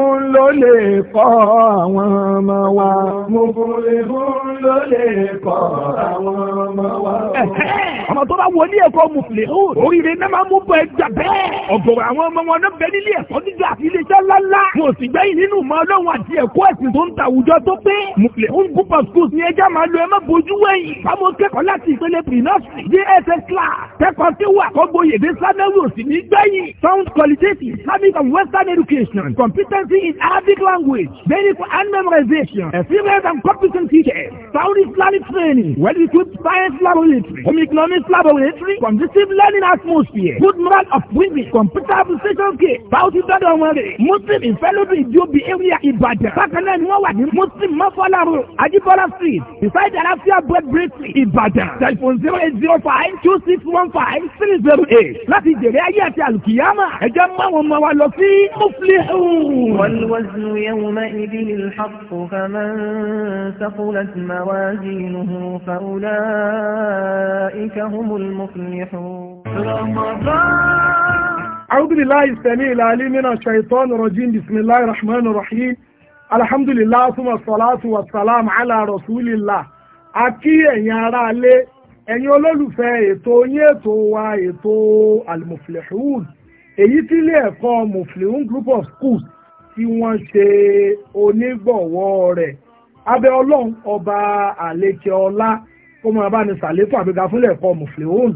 fún ló lè kọ́ àwọn ọmọ wa. Mùfúlìfún ló lè kọ́ àwọn ọmọ wa. Ọmọ tó bá wọ ní ẹ̀kọ́ mùfúlìfún. Oríire náà máa mú bọ ẹja bẹ́ẹ̀. Ọ̀gọ̀rọ̀ àwọn ọmọ wọn náà bẹ nílé ẹ̀kọ́ gíga àti iléeṣẹ́ ńláńlá. Mo sì gbẹ́yìn nínú ìmọ̀ ọlọ́run àti ẹ̀kọ́ ẹ̀sìn tó ń ta àwùjọ tó pé. Mùfúlìfún group of schools ni ẹja máa lo ẹ má bojú wẹ̀yìn. Báwo kẹ́kọ̀ọ́ láti ìpele pre-nursery DSS class. Kẹ́kọ̀ọ́ tí wà kọ́gbóyè dé Sanẹ́wò sì ní gbẹ̀yìn. Sound quality, Islamic and Western education competence Study in Arabic language, medical and memorization, experienced and competent teacher. sound Islamic training, well-equipped science laboratory, home economics laboratory, conducive learning atmosphere, good moral of women, computer application kit, bounty dọ́dọ̀ wọn rè. Muslim ìfẹ́lódù ìjọbi area Ìbàdàn. Bákan náà ni wọ́n wà ní Muslim Mọ́fọ́láro, Ajibola street, beside rafia bread bakery Ìbàdàn. Telephone zero eight zero five two six one five three zero eight. Láti jèrè ayé àti àlùkìyámà, ẹ jẹ́ wa lọ sí والوزن يومئذ الحق فمن ثقلت موازينه فأولئك هم المفلحون أعوذ بالله السميع العليم من الشيطان الرجيم بسم الله الرحمن الرحيم الحمد لله ثم الصلاة والسلام على رسول الله أكي يا رالي أن olólùfẹ́ ètò yín ètò wa المفلحون almuflihun èyí tí ilé ẹ̀kọ́ group of schools tí wọ́n ṣe onígbọ̀wọ́ rẹ̀ abẹ́ ọlọ́run ọba àlejò ọlá kó máa bá ní sàlékún àgbéga fúnlẹ̀ kọ́ mùfìlẹ́hùn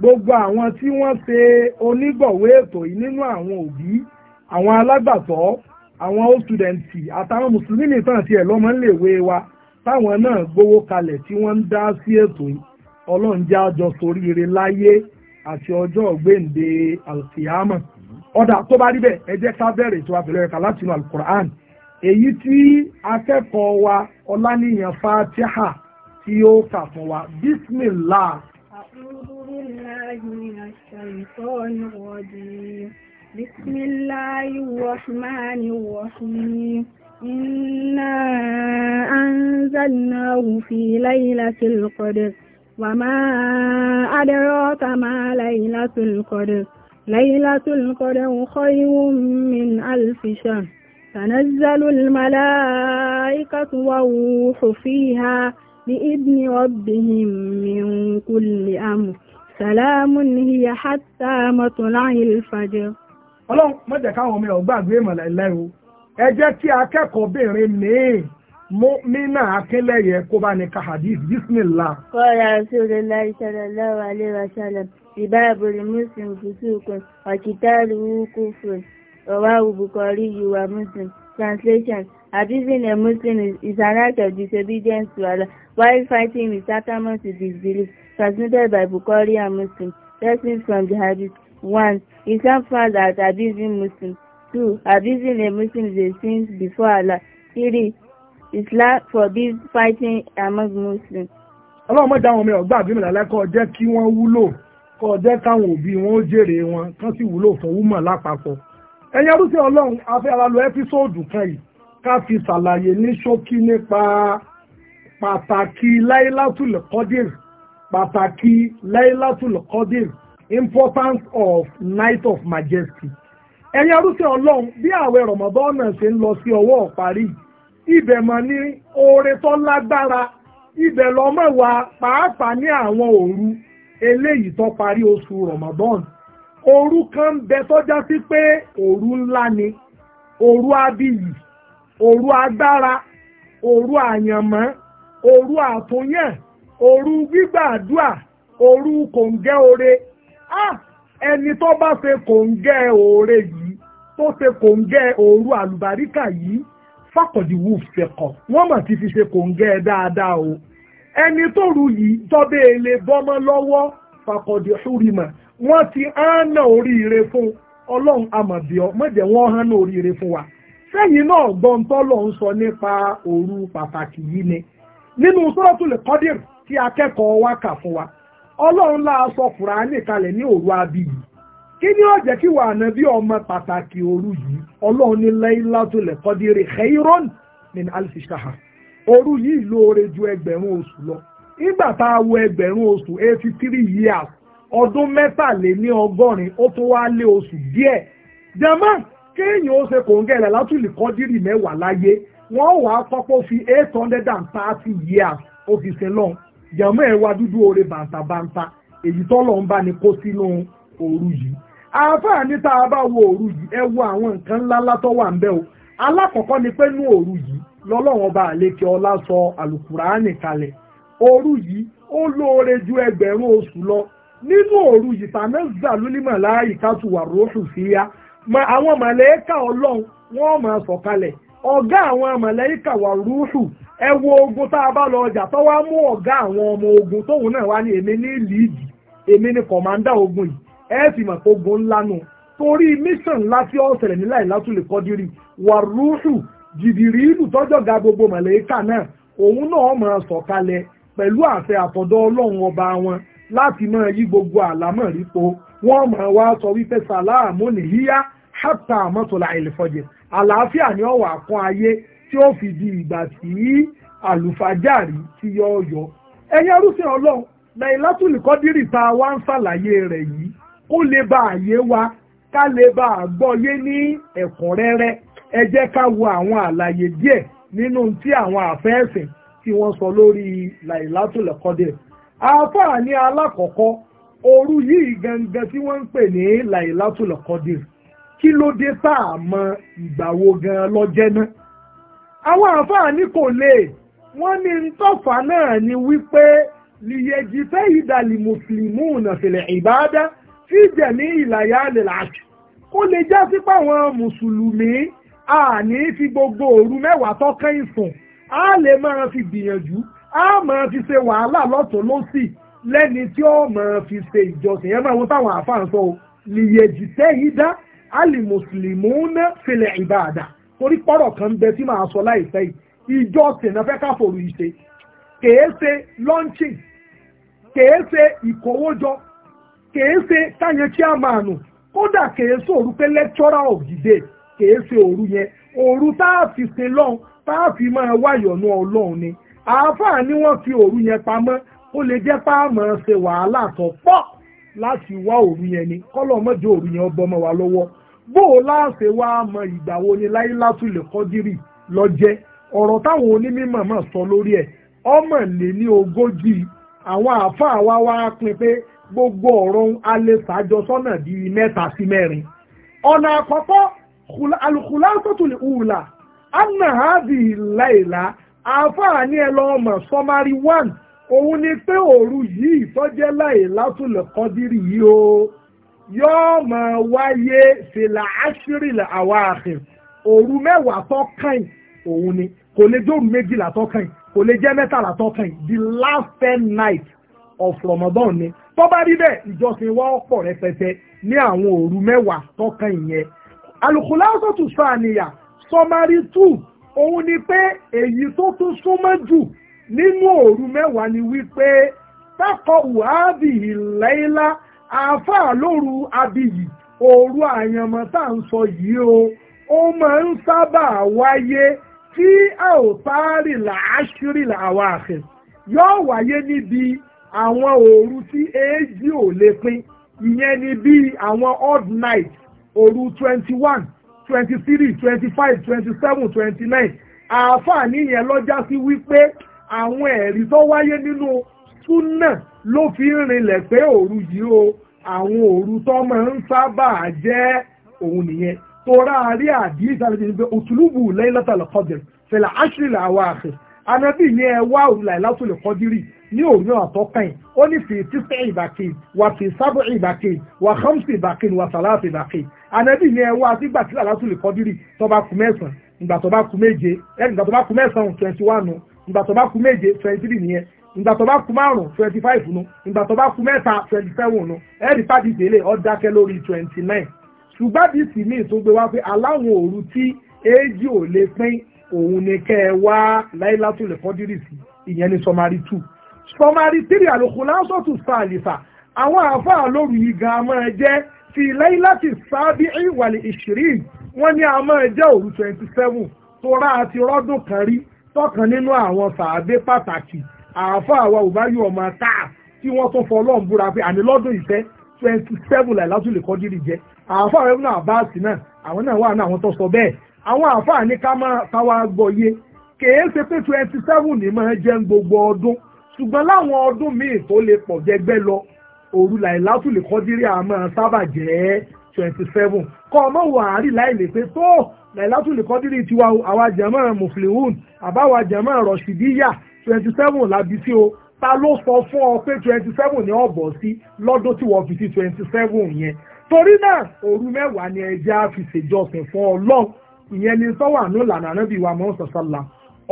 gbogbo àwọn tí wọ́n ṣe onígbọ̀wọ́ ètò yìí nínú àwọn òbí àwọn alágbàtọ́ àwọn old students àtàwọn mùsùlùmí nìkan tiẹ̀ lọ́mọ níléèwé wa táwọn náà gbowó kalẹ̀ tí wọ́n ń dá sí ètò yìí ọlọ́run jẹ́ àjọ soríire láyé àti ọjọ́ ọ̀gbẹ́ǹde alkiyama ọ̀dà tó bá rí bẹ́ẹ̀ ẹ jẹ́ ká bẹ̀rẹ̀ ètò àbẹ̀lẹ̀ ẹ̀ka láti inú alukur'an èyí tí akẹ́kọ̀ọ́ wa ọláníyàn fatiha tí ó kà fún wa bismillah. أنزلناه في ليلة القدر وما أدراك ما ليلة القدر ليلة قدر خير من ألف شهر تنزل الملائكة والروح فيها بإذن ربهم من كل أمر سلام هي حتى مطلع الفجر ọlọ́run mọ́jẹ̀ káwọn ọmọ ọgbàgbé ìmọ̀lẹ̀ lẹ́rù ẹ jẹ́ kí akẹ́kọ̀ọ́ bèèrè mìíràn mọ́mínà akínlẹ̀yẹ kó bá ní ka hadith bismillah. kọ́ra Rasulullahi sallallahu alaihi wasallam ìbáàbòrò muslim fùsùkùn ọ̀kìtàlù kúfùn ọ̀wá Bukhari ìwà muslim translation abusing a muslim is an act of disobedience to Allah while fighting with tantamount to disbelief transmitted by Bukhari and muslim lessons from the hadith one Islam frowns at abusing muslims two abusing a muslim is a sin before Allah three Islam forbids fighting among Muslims. ọlọ́run mọ̀já àwọn ọmọ ẹ̀ ọgbà àbímọ lálẹ́ kọ́ jẹ́ kí wọ́n wúlò kọ́ jẹ́ káwọn òbí wọn ó jèrè wọn kán sì wúlò fún wúmọ̀ lápapọ̀. ẹ̀yin arúgbó ọlọ́run afẹ́ ara lo ẹ́písòòdù kan yìí ká fi ṣàlàyé ní ṣókí nípa pàtàkì láìlátùl kọ́dìr pàtàkì láìlátùl kọ́dìr importance of night of majesty. ẹ̀yin arúgbó ọlọ́run bí ààwẹ̀ rọ̀mọ́bọ́ọ̀nà ṣe ń lọ sí ọwọ́ ibẹ̀ mọ̀ ní oore tó lágbára ibẹ̀ lọ́mọ̀ wà pàápàá ní àwọn òru eléyìí tó parí oṣù Ramadan òru kan bẹ tọ́já sí pé òru ńlá ni òru abiyì òru agbára òru àyànmọ́ òru àtúnyẹ̀ òru gbígbàdúà òru kòǹgẹ́ oore ẹni tó bá ṣe kòǹgẹ́ oore yìí tó ṣe kòǹgẹ́ òru àlùbáríkà yìí fàkọ̀dì wolf fẹ̀kọ̀ wọ́n mà ti fi ṣe kò ń gẹ́ ẹ dáadáa o ẹni tó rù yìí tọ́bẹ̀ e èlé bọ́mọ lọ́wọ́ fàkọ̀dì ṣúrìmà wọ́n ti hánà oríire fún ọlọ́run amọ̀bíọ́ mọ̀jẹ̀ wọ́n hánà oríire fún wa sẹ́yìn náà gbọ́n tọ́lọ̀ ń sọ nípa òru pàtàkì yìí ni nínú suratul Qadir tí akẹ́kọ̀ọ́ wa kà fún wa ọlọ́run láà sọ Kùránì kalẹ̀ ní òru abiyì kí ni ó jẹ́ kí wà ànábì ọmọ pàtàkì òru yìí ọlọ́run ní Laylatul Qadri khairon min alfi shahr òru yìí lóore ju ẹgbẹ̀rún oṣù lọ nígbà tá a wo ẹgbẹ̀rún oṣù eighty three years ọdún mẹ́tàléní ọgọ́rin ó tún wá lé oṣù díẹ̀ jẹ́mọ́ kéèyàn ó ṣe kòńgẹ́ Laylatul Qadri mẹ́wàá láyé wọ́n wà á kọ́kọ́ fi eight hundred and thirty years ó fi ṣe lọ́n jẹ́mọ́ ẹ̀ wá dúdú oore bàǹtàbàǹtà èyí tọ́lọ́ ń bá ní kó sínú òru yìí afọ ní tá a bá wo òru yìí ẹ wo àwọn nǹkan ńlá látọ́ wà ń bẹ́ o alákọ̀ọ́kọ́ ni pé ní òru yìí ọba àlékè ọlá sọ àlùkùránì kalẹ̀ òru yìí ó lóore ju ẹgbẹ̀rún oṣù lọ nínú òru yìí tàná zàlúlímọ̀ láàyè kátùwà róṣù síyá àwọn màlẹ́kà ọlọ́run wọ́n máa ọ̀gá àwọn màlẹ́kà wà ẹ wo ogun tá a bá lọ ọjà ọmọ ogun tóun náà wá ní èmi ní èmi ní ogun yìí ẹ fi mọ̀ pé ogun ńlá nù torí mission ńlá tí ó ṣẹlẹ̀ nílẹ̀ ìlàtúlẹ̀ kọ́dírì wàrúùsù jìbìrì ìlú tọ́jọ́ ga gbogbo mọ̀lẹ́kà náà òun náà máa sọ̀kalẹ̀ pẹ̀lú àṣẹ àtọ̀dọ̀ ọlọ́run ọba wọn láti máa yí gbogbo àlámọ̀ rípo wọ́n máa wá sọ wípé sàlámù nìyíyá hàtà àmọ́tòlá ìlẹ̀fọ̀jẹ̀ àlàáfíà ni ọ̀wà kan ayé tí ó fi di ìgbà tí àlùfájàrí ti yọ ọyọ ẹ̀yin arúfin ọlọ́run lẹ́yìn látùlùkọ́dírì tá wá ń ṣàlàyé rẹ̀ yìí kó lè bá àyè wa ká lè bá àgbọ́yé ní ẹ̀kúnrẹ́rẹ́ ẹ jẹ́ ká wo àwọn àlàyé díẹ̀ nínú tí àwọn àfẹ́ẹ̀sìn tí wọ́n sọ lórí làìlátòlẹ̀ kọ́dẹ̀. àáfàá ní alákọ̀ọ́kọ́ òru yìí gangan tí wọ́n ń pè ní làìlátòlẹ̀ kí ló dé tá a mọ ìgbàwo gan lọ́jẹ́ náà. àwọn àáfàá ní kò lè wọ́n ní ntọ́fà náà ni wípé lìyẹ̀jì fẹ́ ìdàlì mùsùlùmí nàfẹ̀lẹ̀ ìbáadá fíjẹ̀ ní ìlàyà lèlàjì kó lè já sí páwọn mùsùlùmí a ní fi gbogbo òru mẹ́wàá tọ́kàn ìsùn a lè máa fi gbìyànjú a máa fi ṣe wàhálà lọ́tọ̀ lọ́sì lẹ́ni tí ó máa fi ṣe ìjọsìn yẹn máa wọ́n táwọn àáfàá ń sọ o lìyẹ̀jì tẹ́ yìí dá alìmùsùlùmí ń filẹ̀ ìbáàdà torí pọ́rọ̀ kan bẹ tí màá sọ láìpẹ́ yìí ìjọsìn náà fẹ́ káfòrò ìṣe kèé ṣe launching kèé ṣe ìkówójọ kèé ṣe táyẹn tí a máa nù kódà kèé ṣe òru pé lecturer of the day kèé ṣe òru yẹn òru tá a fi sin lọ́hùn tá a fi máa wáyọ̀nù ni àáfàá ni wọ́n fi òru yẹn pamọ́ ó lè jẹ́ páàmọ́ ṣe wàhálà tó pọ̀ láti wá òru yẹn ni kọ́lọ̀ mọ́jọ òru yẹn ọbọ ọmọ wa lọ́wọ́ bó o láàṣẹ wá mọ ìgbà wo ni láyé látúlẹ̀ kọ́dírì lọ́jẹ́ ọ̀rọ̀ táwọn onímọ̀ mọ̀ sọ lórí ẹ̀ ọmọ lè ní ogójì àwọn àáfàá wa wá pin pé gbogbo ọ̀rọ̀ alẹ́ di mẹ́ta sí mẹ́rin ọ̀nà àkọ́kọ́ alukulasotul ula anna laila àfààní ẹ lọ ọmọ òun ni pé òru yìí tọ́jẹ́ láìlá tún kọ́dírì yìí o yóò máa wáyé fìlà áṣírìlà àwọn òru mẹ́wàá tó òun ni kò lè dóòrù méjìlá tó kò lè jẹ́ mẹ́tàlá tó the last ten night of Ramadan ni tó bá rí bẹ́ẹ̀ ìjọsìn wa pọ̀ rẹpẹtẹ ní àwọn òru mẹ́wàá tọ́kàn ìyẹn alukulaso tún sọ àníyàn sọmarí tù òun ni pé èyí tó tún súnmọ́ jù nínú òru mẹ́wàá ni wípé tákọ̀ wàhábì ìlẹ́lá àáfàá lóru abiyì òru àyànmọ́ tá à ń sọ yìí o ó máa ń sábà wáyé tí a ò táàrí làásírì làwọn àfẹ́ yóò wáyé níbi àwọn òru tí èjì ò lè pín ìyẹn ni bíi àwọn odd night òru twenty one twenty three twenty five twenty seven twenty nine àǹfààní yẹn lọ́jà sí wípé àwọn ẹ̀rí tó wáyé nínú súnà ló fi ń rinlẹ̀ pé òru yìí o àwọn òru tó máa ń sábà jẹ́ òun nìyẹn tora àrí àdìs àlejò pé òtúlùbù lẹ́yìn látàlẹ́ kọ́dìrì fẹ̀lẹ̀ àṣírí làwọn àṣẹ anabi ní ẹ wá òun láì látòlè kọ́dìrì ní òwúrọ̀ àtọ́kàn ó ní fi títẹ́ ìbàkì wà fi sábọ̀ ìbàkì wà hamsi ìbàkì wà sàlàsì ìbàkì ànábì ní ẹwọ́ àtìgbà tí àlásù lè kọ́ dírì tó bá kú mẹ́sàn-án ìgbà tó bá kú méje ẹni ìgbà tó bá kú mẹ́sàn-án twenty one ìgbà tó bá kú méje twenty three nìyẹn ìgbà tó bá kú márùn twenty five nu ìgbà tó bá kú mẹ́ta twenty seven nu ẹni pàdé ìdílé ó dákẹ́ lórí twenty nine ṣùgbọ́n bí sì ní ìtúgbẹ́ wá pé aláwọn òru tí éèjì ò lè pín òun ni kẹ́ ẹ wá láìlátò lè kọ́ dírì sí ìyẹn ní sọmarí two sọmarí tírì àlòkù lásọ̀tù sàlìfà àwọn àáfàá lórí ìgàn a máa jẹ́ ti láìláti sábì ìwàlẹ̀ ìṣírí wọ́n ní a máa jẹ́ òru twenty seven tó rá àti rọ́dún kan rí tọkàn nínú àwọn sàábé pàtàkì àáfàá wa ò bá yọ ọmọ táà tí wọ́n tún fọlọ́ọ̀ búra pé àní lọ́dún ìfẹ́ twenty seven láìláṣù lè kọ́dírì jẹ́ àáfàá rẹ̀ náà bá sí náà àwọn náà wà ní àwọn tó sọ bẹ́ẹ̀ àwọn àáfàá ní ká máa táwa gbọ́ yé kèé ṣe pé twenty seven ní máa jẹ́ gbogbo ọdún ṣùgbọ́n láwọn ọdún míì tó lè pọ̀ jẹgbẹ́ lọ òru làìlátù lè kọ́dírí àmọ́ sábà jẹ́ twenty seven kọ́ ọmọ wò àárí láìlè pé tó làìlátù lè kọ́dírí tiwa àwa jẹ̀mọ́ muflihun àbáwa jẹ̀mọ́ rọ̀ṣìdíyà twenty seven làbí sí o ta ló sọ fún ọ pé twenty seven ni ọ bọ̀ sí lọ́dún tí wọ́n fi sí twenty seven yẹn torí náà òru mẹ́wàá ni ẹja fi ṣèjọsìn fún Ọlọ́run ìyẹn ni sọ́wọ́n àánú lànà náà bí wàá mọ́ sọ̀sọ́ làwọn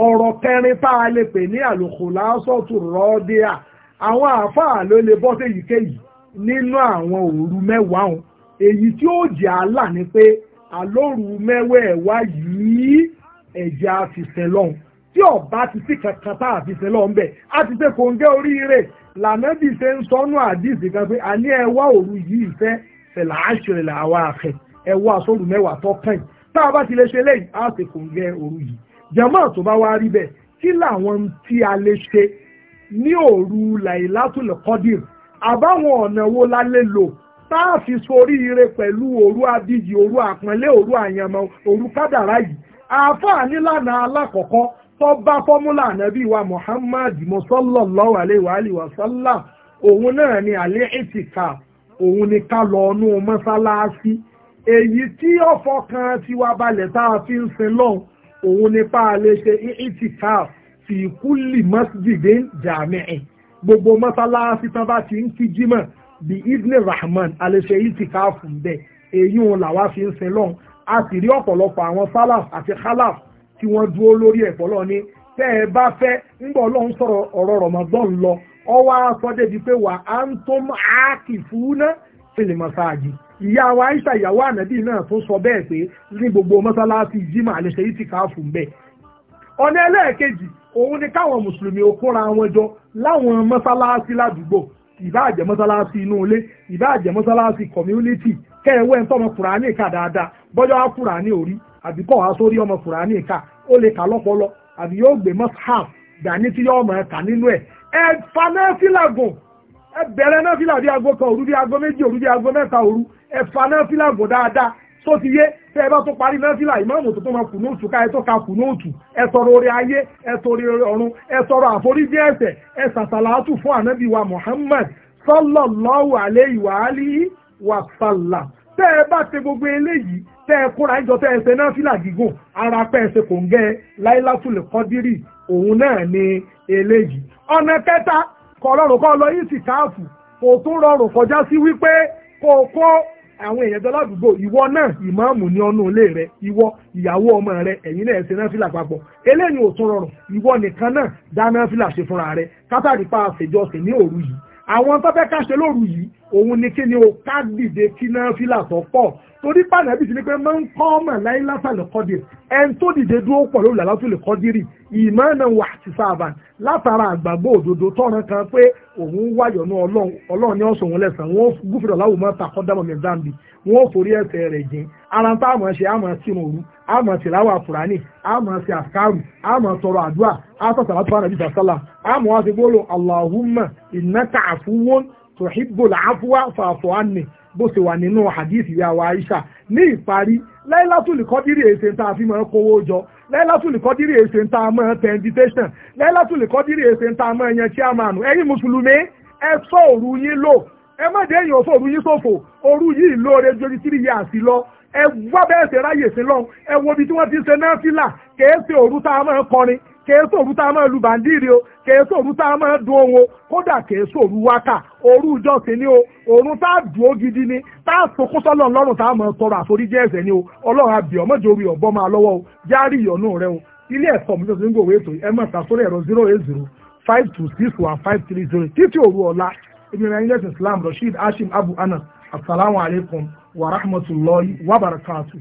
ọ̀rọ̀ kẹrin tá a lè pè ní àlòkò lásọ̀tù rọ́ọ́díà àwọn àáfàá ló lè bọ́ sí èyíkéyìí nínú àwọn òru mẹ́wàá ọ̀hún èyí tí ó jẹ́ àlà ni pé àlóru mẹ́wẹ̀ẹ̀wá yìí ẹ̀jẹ̀ àfìsẹ̀ lọ́hùn tí ọba ti sí kankan tá àfìsẹ̀ lọ́hùn bẹ̀ á ti pé kòńgẹ́ oríire lànàbì ṣe ń sọnù àdìsí kan pé àní ẹwà òru yìí fẹ́ fẹ̀là àṣẹrẹ̀ làwọn àfẹ́ ẹwà sóru mẹ́wàá tó kàn tá a bá ti lè ṣe lẹ́yìn á ti kòńgẹ́ òru yìí jàmáà tó bá wá rí bẹ́ẹ̀ kí làwọn tí a lè ṣe ní òru làìlátùl kọ́dìr àbáwọn ọ̀nà wo la lè lò tá a fi soríire pẹ̀lú òru adíjì òru àpọ́nlé òru àyànmọ́ òru kádàrá yìí àáfàá nílànà alákọ̀ọ́kọ́ tó bá fọ́múlà ànábì wa Muhammad sallallahu alaihi wa sallam òun náà ni àlẹ́ ìtìkà òun ni ká lọ ọnú mọ́sálásí èyí tí ọ̀fọ̀ kan tiwa balẹ̀ tá a fi ń sin lọ́hùn òun ni pa lè ṣe itikaf fi kulli masjidin jami'in gbogbo mọ́sálásí tán bá ti ń kí jímọ̀ bí ibne rahman a lè ṣe itikaf fún bẹ́ẹ̀ èyí òun làwa fi ń sin lọ́hùn a sì rí ọ̀pọ̀lọpọ̀ àwọn salaf àti khalaf tí wọ́n dúró lórí ẹ̀pọ̀ lọ ní tẹ́ ẹ bá fẹ́ ńgbọ́ ọlọ́run sọ̀rọ̀ ọ̀rọ̀ rọ̀mọ́gbọ́n lọ ọwọ́ asọ́dẹ́bi pé wà á ń tó máa kì fún náà fìlìmọ̀sáàjì ìyá wa aisha ìyàwó ànábì náà tó sọ bẹ́ẹ̀ pé ní gbogbo mọ́sálásí jimá àlẹ́sẹ̀ yìí ti kà á fún bẹ́ẹ̀. ọ̀nà ẹlẹ́ẹ̀kejì òun ni káwọn mùsùlùmí ó wọn jọ láwọn mọ́sálásí ládùúgbò ìbáàjẹ́ mọ́sálásí inú ilé ìbáàjẹ́ mọ́sálásí community kẹ́ẹ̀wẹ́ ń tọ́mọ kùránì kà dáadáa bọ́jọ́ á kùránì orí àbí kọ́ wá sórí ọmọ kùránì kà ó lè kà lọ́pọlọ àbí yóò gbé mọ́sáàf dání tí yóò mọ̀ ẹ̀ kà nínú ẹ̀ ẹ̀ fanáfílàgùn ẹ bẹ̀rẹ̀ náà fílà bí aago kan òru bí aago méjì òru bí aago mẹ́ta òru ẹ fa náà fílà gùn dáadáa tó ti yé tẹ́ ẹ bá tó parí náà fílà ìmáàmù tó tó máa kù nóòtù ká ẹ tó ka kù nóòtù ẹ tọrọ orí ayé ẹ tọrọ orí ọ̀run ẹ tọrọ àforíjì ẹ̀ṣẹ̀ ẹ sàṣàlátù fún ànábì wa Muhammad sallallahu alayhi wa alihi wa sallam tẹ́ ẹ bá ṣe gbogbo eléyìí tẹ́ ẹ kóra ìjọ tẹ́ ẹ ṣe náà fílà gígùn ara pẹ́ ẹ ṣe kò ń gẹ́ láíláfùlẹ̀ kọ́dírì òun náà ni eléyìí ọ̀nà kẹta kò rọrùn kọ́ lọ yìí sì káàfù kò tún rọrùn kọjá sí wípé kò kó àwọn èèyàn jọ ládùúgbò ìwọ náà ìmáàmù ní ọnù ilé rẹ ìwọ ìyàwó ọmọ rẹ ẹ̀yin náà ṣe náfìlà papọ̀ eléyìí ò tún rọrùn ìwọ nìkan náà dá náfìlà ṣe fúnra rẹ kátàrí pa àṣejọsìn ní òru yìí àwọn tó fẹ́ ká ṣe lóru yìí òun ni kí ni o ká dìde kí náfìlà tó pọ̀ torí pàdánù bí ti ní pé máa ń kọ́ ọmọ láyé látàlẹ̀ kọ́dìrì ẹni tó dìde dúró pọ̀ lórí làlátùlẹ̀ kọ́dìrì ìmọ̀ọ́nà wà ti sáàbà látara àgbàgbọ́ òdodo tọ́ran kan pé òun wáyọ̀ náà ọlọ́run ní ọ̀sán òun lẹ́sàn wọ́n gúfèrè láwùjọ máa ta kọ́dàmọ̀ mẹ́zàmbì wọ́n forí ẹsẹ̀ rẹ̀ jìn ara tá àmọ̀ ṣe àmọ̀ sínú òru àmọ̀ tìláwà fúrání àmọ̀ ṣe àkàrù àmọ̀ tọrọ àdúrà àtọ̀tàlá tó ànàbí sàṣálà àmọ̀ wá ti gbólò Allahumma innaka afuwun tuhibbul afwa fa'fu anni bó ṣe wà nínú hadith ìyá wa Aisha ní ìparí láìlátùlì kọ́dírì èsè tá a fi máa kówó jọ láìlátùlì kọ́dírì èsè tá a máa tẹ invitation láìlátùlì kọ́dírì èsè tá a máa yan chairman ẹ̀yin mùsùlùmí ẹ sọ òru yín lò ẹ má dé èèyàn sọ òru yín ṣòfò òru yìí lóore jojú tírì yà sí lọ ẹ wá bẹ́ẹ̀ ṣe ráyè sí lọ́hùn ẹ wo ibi tí wọ́n ti ṣe náà fìlà kèé ṣe òru tá a máa kọrin kèé sòrú tá a máa lu bàndìrì o kèé sòrú tá a máa dun ohun o kódà kèé sòrú wákà òru ìjọsìn ni o òrun tá a dùn ó gidi ni tá a sunkún sọ́lọ̀ lọ́rùn tá a máa tọrọ àforíjì ẹ̀ṣẹ̀ ni o ọlọ́run àbí ọmọdé orí ọ̀bọ máa lọ́wọ́ o járí ìyọ̀nù rẹ o ilé ẹ̀kọ́ mi tuntun gbòòwò ètò ẹ máa ta sórí ẹ̀rọ zero eight zero five two six one five three zero títí òru ọ̀la ìmìíràn ilé ẹ̀sìn Islam Rasheed Hashim Abu Anas asalaamualeykum wa rahmatulahi wa barakatu.